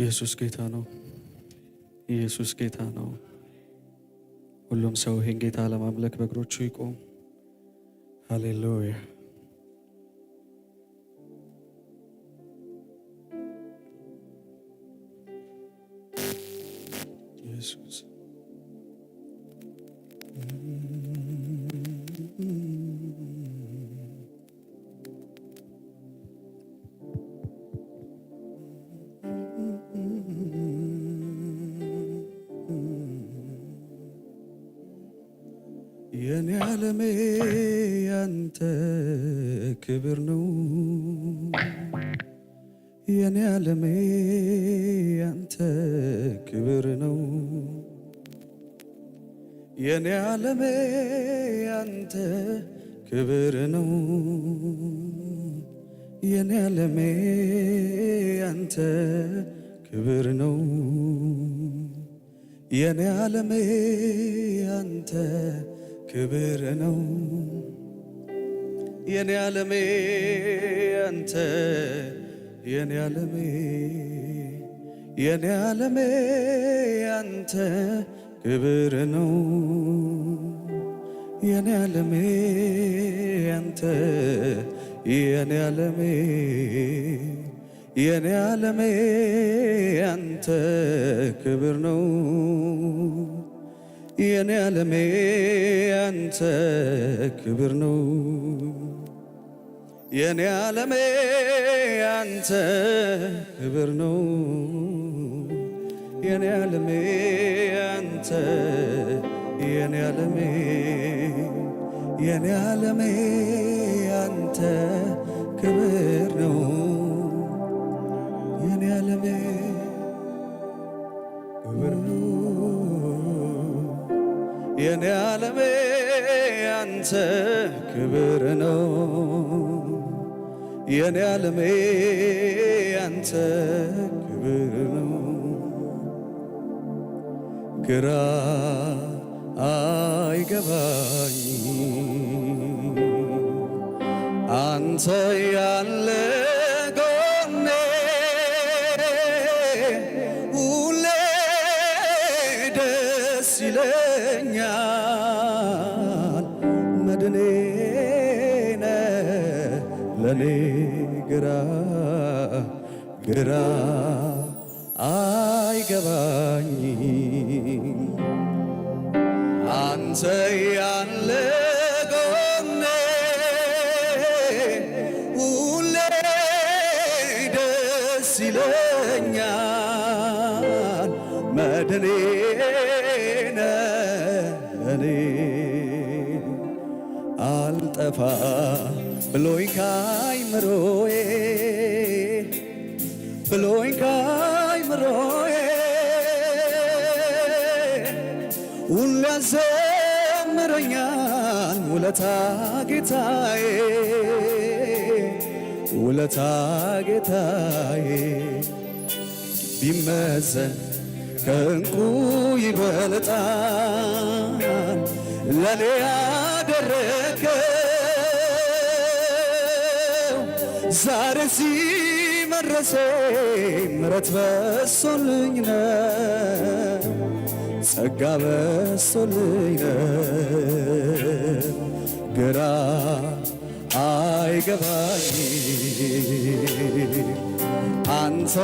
ኢየሱስ ጌታ ነው። ኢየሱስ ጌታ ነው። ሁሉም ሰው ይህን ጌታ ለማምለክ በእግሮቹ ይቆም። ሃሌሉያ። ኢየሱስ ዓለሜ ያንተ ክብር ነው። የኔ ዓለሜ ያንተ ክብር ነው። የኔ ዓለሜ ያንተ ክብር ነው። የኔ ዓለሜ ያንተ ክብር ነው። የኔ ዓለሜ ያንተ ክብር ነው የኔ ዓለሜ አንተ የኔ ዓለሜ የኔ ዓለሜ አንተ ክብር ነው የኔ ዓለሜ አንተ የኔ ዓለሜ የኔ ዓለሜ አንተ ክብር ነው የኔ ዓለሜ አንተ ክብር ነው። የኔ ዓለሜ አንተ ክብር ነው። የኔ ዓለሜ አንተ የኔ ዓለሜ የኔ ዓለሜ አንተ ክብር ነው። የኔ ዓለሜ የኔ ዓለሜ ያንተ ክብር ነው። የኔ ዓለሜ ያንተ ክብር ነው። ግራ አይገባኝ አንተ ያለ ለኔ ግራ ግራ አይገባኝ አንተ ያለ ጎኔ ሁሌ ደስ ይለኛል መድኔ አልጠፋ ብሎኝ ካይምሮዬ ብሎኝ ካይምሮዬ ሁሌ ያዘምረኛል ውለታ ጌታዬ ውለታ ጌታዬ ቢመዘን ከእንቁ ይበልጣል ለኔ ያደረ ዛሬ ሲመረሴ ምረት በሶልኝ ነው ጸጋ በሶልኝ ግራ አይገባኝ አንተ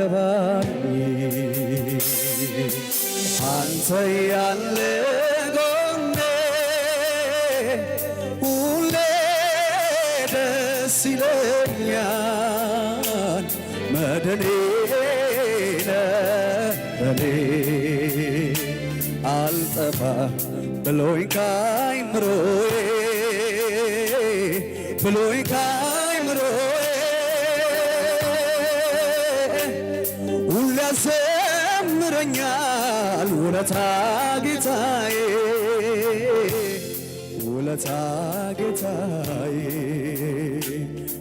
ያገባኝ አንተ ያለ ጎኔ ሁሌ ደስ ይለኛል። መድኔ ለእኔ አልጠፋ ብሎኝ ካይምሮዬ ብሎኝ ውለታ ጌታዬ ውለታ ጌታዬ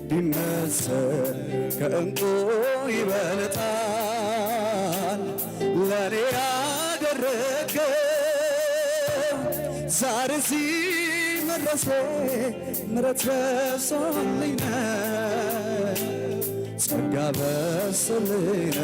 ቢመሰል ከእንቁ ይበልጣል ለኔ ያደረገው ዛሬ ሲመረሴ ምረት በሶልኝ ነው ጸጋ በሶልኝ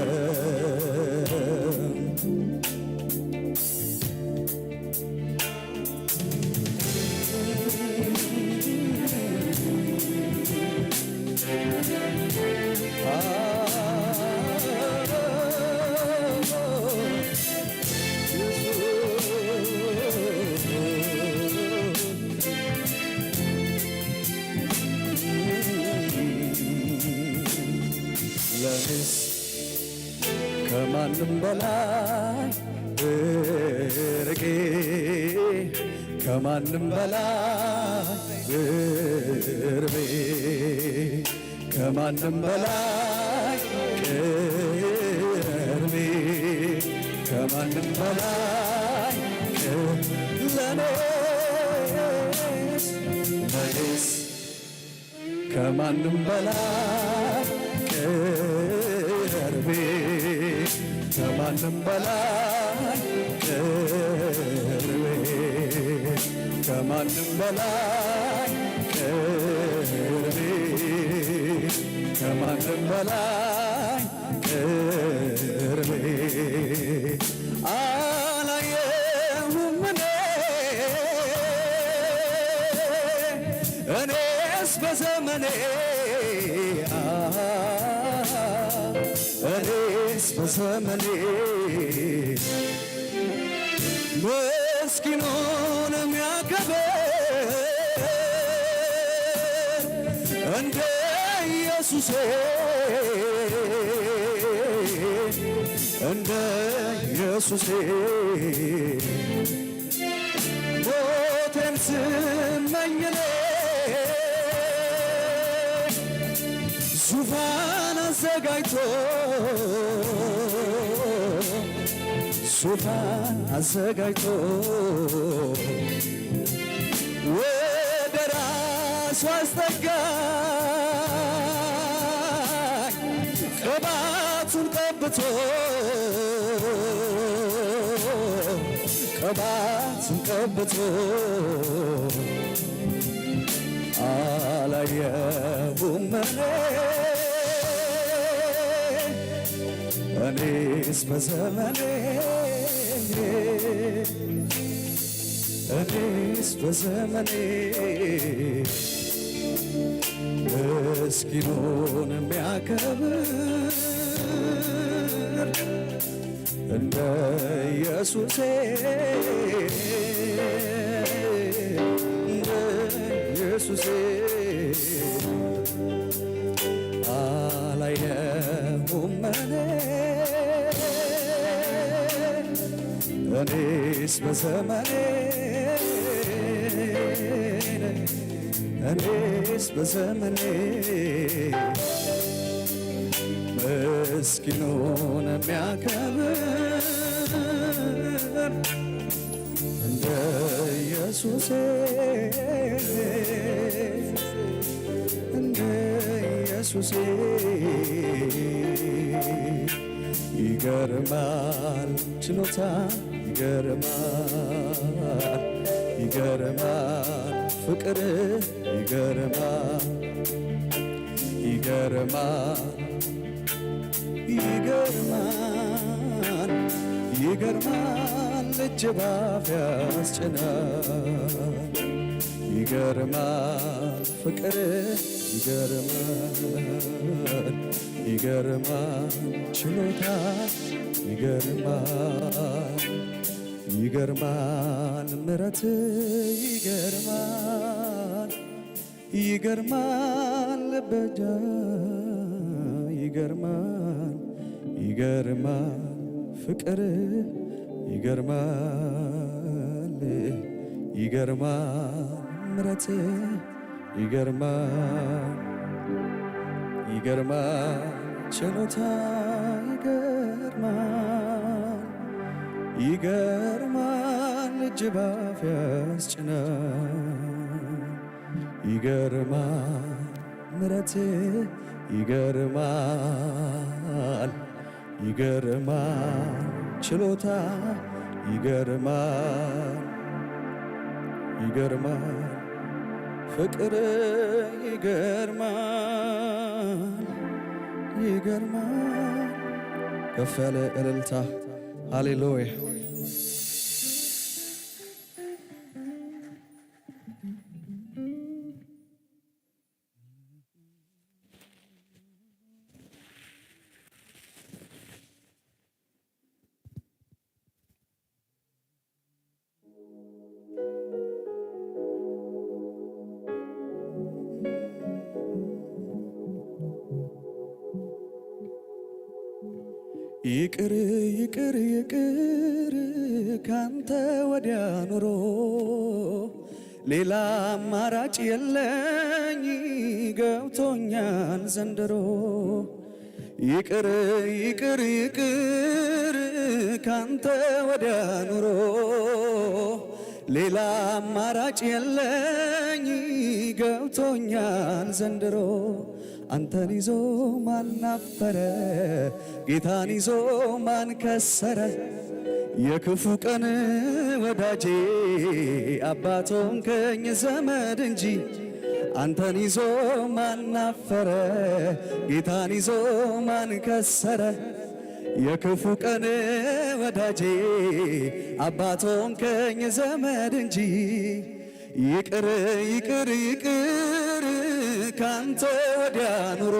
ቢበልስ ከማንም በላይ ብርቄ ከማንም በላይ ቅርቤ ከማንም በላይ ቅርቤ ከማንም በላይ ለኔ መልስ ከማንም በላይ አጠገቤ ከማንም በላይ ቅርቤ ከማንም በላይ ቅርቤ ከማንም በላይ ቅርቤ እኔ እኔስ በዘመኔ ዘመኔ ምስኪኑን የሚያከብር እንደ ኢየሱሴ እንደ ኢየሱሴ ሞቴን ስመኝኔ ዙፋን አዘጋጅቶ ስጦታ አዘጋጅቶ ወደ ራሱ አስጠጋኝ ቅባቱን ቀብቶ ቅባቱን ቀብቶ አላየሁም እኔ እኔስ በዘመኔ እኔስ በዘመኔ ምስኪኑን የሚያከብር እንደ ኢየሱሴ እንደ ኢየሱሴ እኔስ በዘመኔ እኔስ በዘመኔ ምስኪኑን የሚያከብር እንደ ኢየሱሴ እንደ ኢየሱሴ ይገርማል ችሎታ ይገርማል ይገርማል ፍቅር ይገርማል ይገርማል ይገርማል ይገርማል እጅ ባፍ ያስጭናል ይገርማል ፍቅር ይገርማል ይገርማል ችሎታ ይገርማል ይገርማል ምረት ይገርማል ይገርማል ልበጃ ይገርማል ይገርማል ፍቅር ይገርማል ይገርማል ምረት ይገርማል ይገርማል ችሎታ ይገርማል ይገርማል እጅ ባፍ ያስጭናል ይገርማል ምረት ይገርማል ይገርማል ችሎታ ይገርማል ይገርማል ፍቅር ይገርማል ይገርማል ከፍ ያለ እልልታ Aleluia. ሌላ አማራጭ የለኝ ገብቶኛል ዘንድሮ ይቅር ይቅር ይቅር ካንተ ወዲያ ኑሮ ሌላ አማራጭ የለኝ ገብቶኛል ዘንድሮ አንተን ይዞ ማን ናፈረ ጌታን ይዞ ማን ከሰረ የክፉ ቀን ወዳጄ አባቶን ከኝ ዘመድ እንጂ አንተን ይዞ ማን ናፈረ ጌታን ይዞ ማን ከሰረ የክፉ ቀን ወዳጄ አባቶም ከኝ ዘመድ እንጂ ይቅር ይቅር ይቅር ካንተ ወዲያ ኑሮ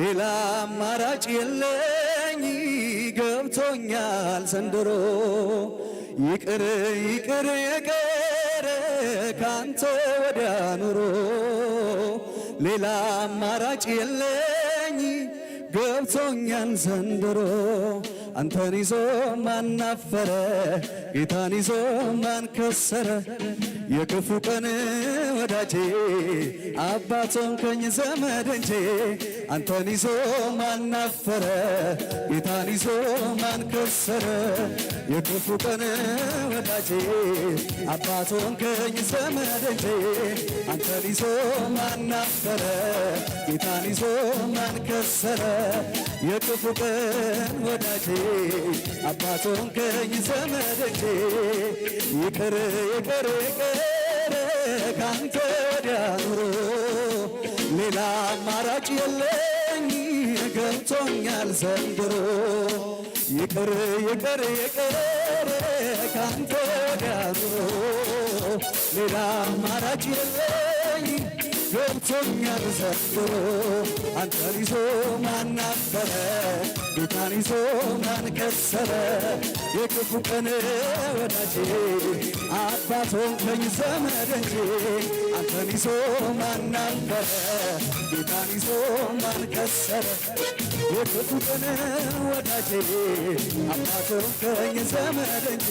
ሌላ አማራጭ የለኝ ተለይቶኛል ዘንድሮ ይቅር ይቅር ይቅር ካንተ ወዲያ ኑሮ ሌላ አማራጭ የለኝ ገብቶኛል ዘንድሮ አንተን ይዞ ማናፈረ ጌታን ይዞ ማንከሰረ የክፉ ቀን ወዳጄ አባቶም ከኝ ዘመድ እንጄ አንተን ይዞ ማናፈረ ጌታን ይዞ ማንከሰረ የክፉ ቀን ወዳጄ አባቶን ከኝ ዘመድ እንጄ አንተን ይዞ ማናፈረ ጌታን ይዞ ማንከሰረ የክፉ ቀን ወዳጄ አባቶን ከኝ ዘመዶቼ ይቅር ይቅር ይቅር ካንተ ወዲያ ኑሮ ሌላ አማራጭ የለኝ ገብቶኛል ዘንድሮ ይቅር ይቅር ይቅር ካንተ ወዲያ ኑሮ ሌላ አማራጭ የለኝ ገብቶኛል ዘንድሮ አንተን ይዞ ማን ነበረ? ጌታን ይዞ ማን ከሰረ? የክፉ ቀን ወዳጅ እንጂ አባት ሆንከኝ ዘመድ እንጂ አንተን ይዞ ማናፈረ ጌታን ይዞ ማንከሰረ የክፉ ቀን ወዳጄ አባት ሆንከኝ ዘመድ እንጂ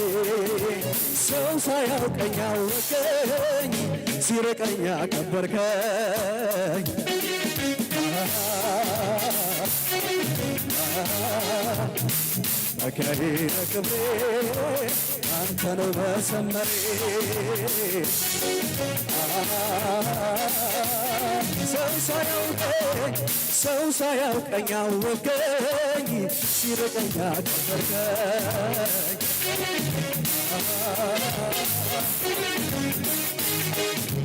ሰው ሳያውቀኝ አወቀኝ ሲርቀኝ አከበርከኝ መከሬ ክብሬ አንተ ነው በሰመሬ ሰው ሳያውቀኝ ሰው ሳያውቀኝ አወቀኝ ሲርቀኝ አከበርከኝ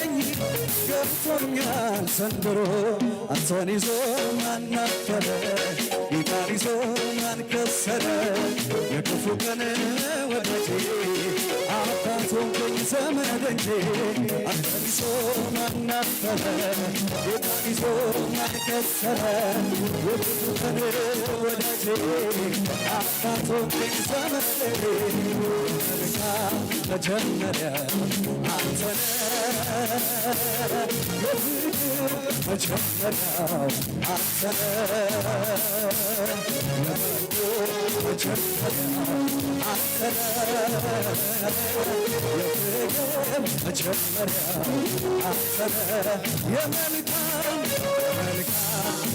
ነኝ ገብቶኛል ሰንብሮ አንተን ይዞ ማን ናፈረ ጌታን ይዞ ማን የክፉ ቀን ወዳጄ አባት ሆንከኝ እንጂ አንተን ይዞ ማን ጌታን ይዞ ማን የክፉ ቀን ወዳጄ አባት ሆንከኝ እልልታ መጀመሪያ አንተነ የፍቅር መጀመሪያው አንተነ የበጎ መጀመሪያው አንተነ የፍቅር መጀመሪያው አንተነ የመልካም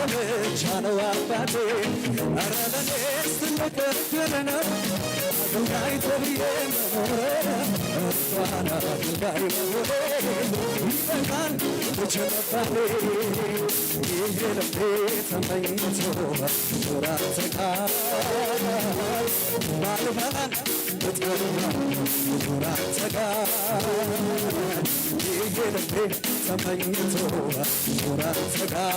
አንተ ብቻ ነው አባቴ። ኧረ ለኔስ ትልቅ እድል ነው አገልጋይ ተብዬ መኖር እንኳን አገልጋይ ይበቃል ልጅ መባሌ ይሄ ልቤ ተመኝቶ ራተቃል ባልበላል ዞራ ተጋ ይሄ ልቤ ተመኝቶ ጠላቴ ላንተ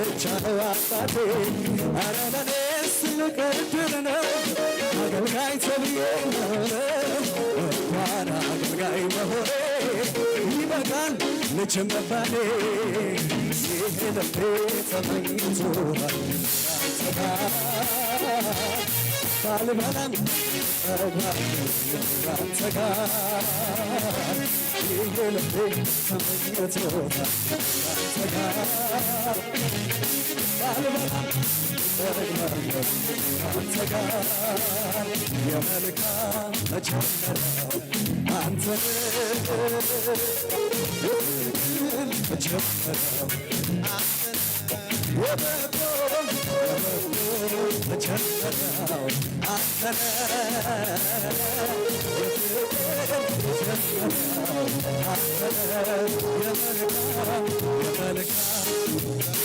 ብቻ ነው አባቴ አረ ለኔስ ፍቅር ድል ነው አገልጋይ ተብዬ እንኳን አገልጋይ መሆኔ ይበቃል ልጅ መባሌ ይሄ ልቤ ተመኝቶሃል ባልበላም አንተ ጋር ይሄ ልቤ ተመኝቶሃል አንተ ጋር ባልበላም አንተ ጋር የመልካም መጀመሪያው አንተ መጀመሪያው መጀመሪያው አንተ የመልካም የመልካም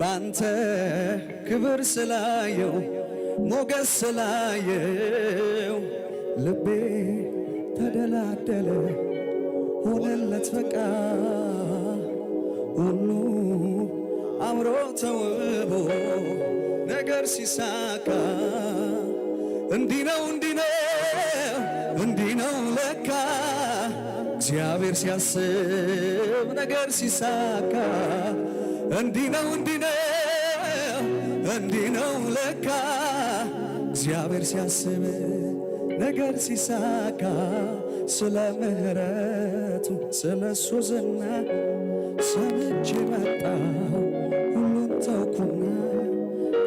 ባንተ ክብር ስላየው ሞገስ ስላየው ልቤ ተደላደለ ሆነለት በቃ ሁሉ አምሮ ተውቦ ነገር ሲሳካ እንዲህ ነው እንዲህ ነው እንዲህ ነው ለካ እግዚአብሔር ሲያስብ ነገር ሲሳካ እንዲህ ነው እንዲህ ነው እንዲህ ነው ለካ እግዚአብሔር ሲያስብ ነገር ሲሳካ ስለ ምሕረቱ ስለሱ ዝና ሰምቼ መጣሁ ሁሉን ተውኩና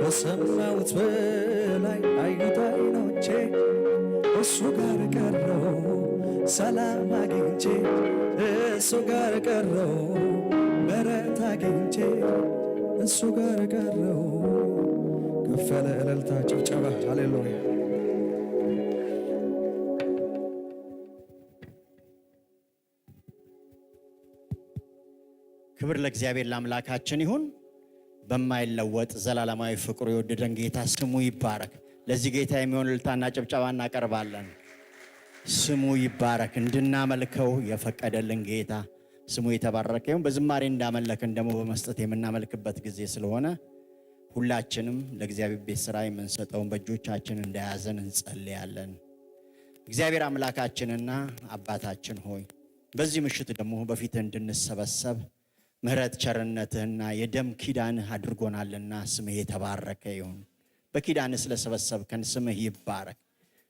በሰማሁት በላይ አይሁድ አይኖቼ እሱ ጋር ቀረው ሰላም አግኝቼ እሱ ጋር ቀረው ምህረት አግኝቼ እሱ ጋር ቀረው። ከፍ እልልታ ጭብጨባ፣ ሃሌሉያ ክብር ለእግዚአብሔር ለአምላካችን ይሁን። በማይለወጥ ዘላለማዊ ፍቅሩ የወደደን ጌታ ስሙ ይባረክ። ለዚህ ጌታ የሚሆን እልልታና ጭብጨባ እናቀርባለን። ስሙ ይባረክ። እንድናመልከው የፈቀደልን ጌታ ስሙ የተባረከ ይሁን። በዝማሬ እንዳመለክን ደግሞ በመስጠት የምናመልክበት ጊዜ ስለሆነ ሁላችንም ለእግዚአብሔር ቤት ስራ የምንሰጠውን በእጆቻችን እንደያዘን እንጸልያለን። እግዚአብሔር አምላካችንና አባታችን ሆይ በዚህ ምሽት ደግሞ በፊት እንድንሰበሰብ ምሕረት ቸርነትህና የደም ኪዳንህ አድርጎናልና ስምህ የተባረከ ይሁን። በኪዳንህ ስለሰበሰብከን ስምህ ይባረክ።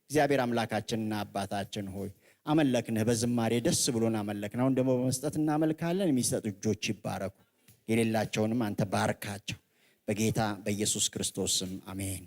እግዚአብሔር አምላካችንና አባታችን ሆይ አመለክንህ። በዝማሬ ደስ ብሎን አመለክን። አሁን ደግሞ በመስጠት እናመልካለን። የሚሰጡ እጆች ይባረኩ፣ የሌላቸውንም አንተ ባርካቸው። በጌታ በኢየሱስ ክርስቶስ ስም አሜን።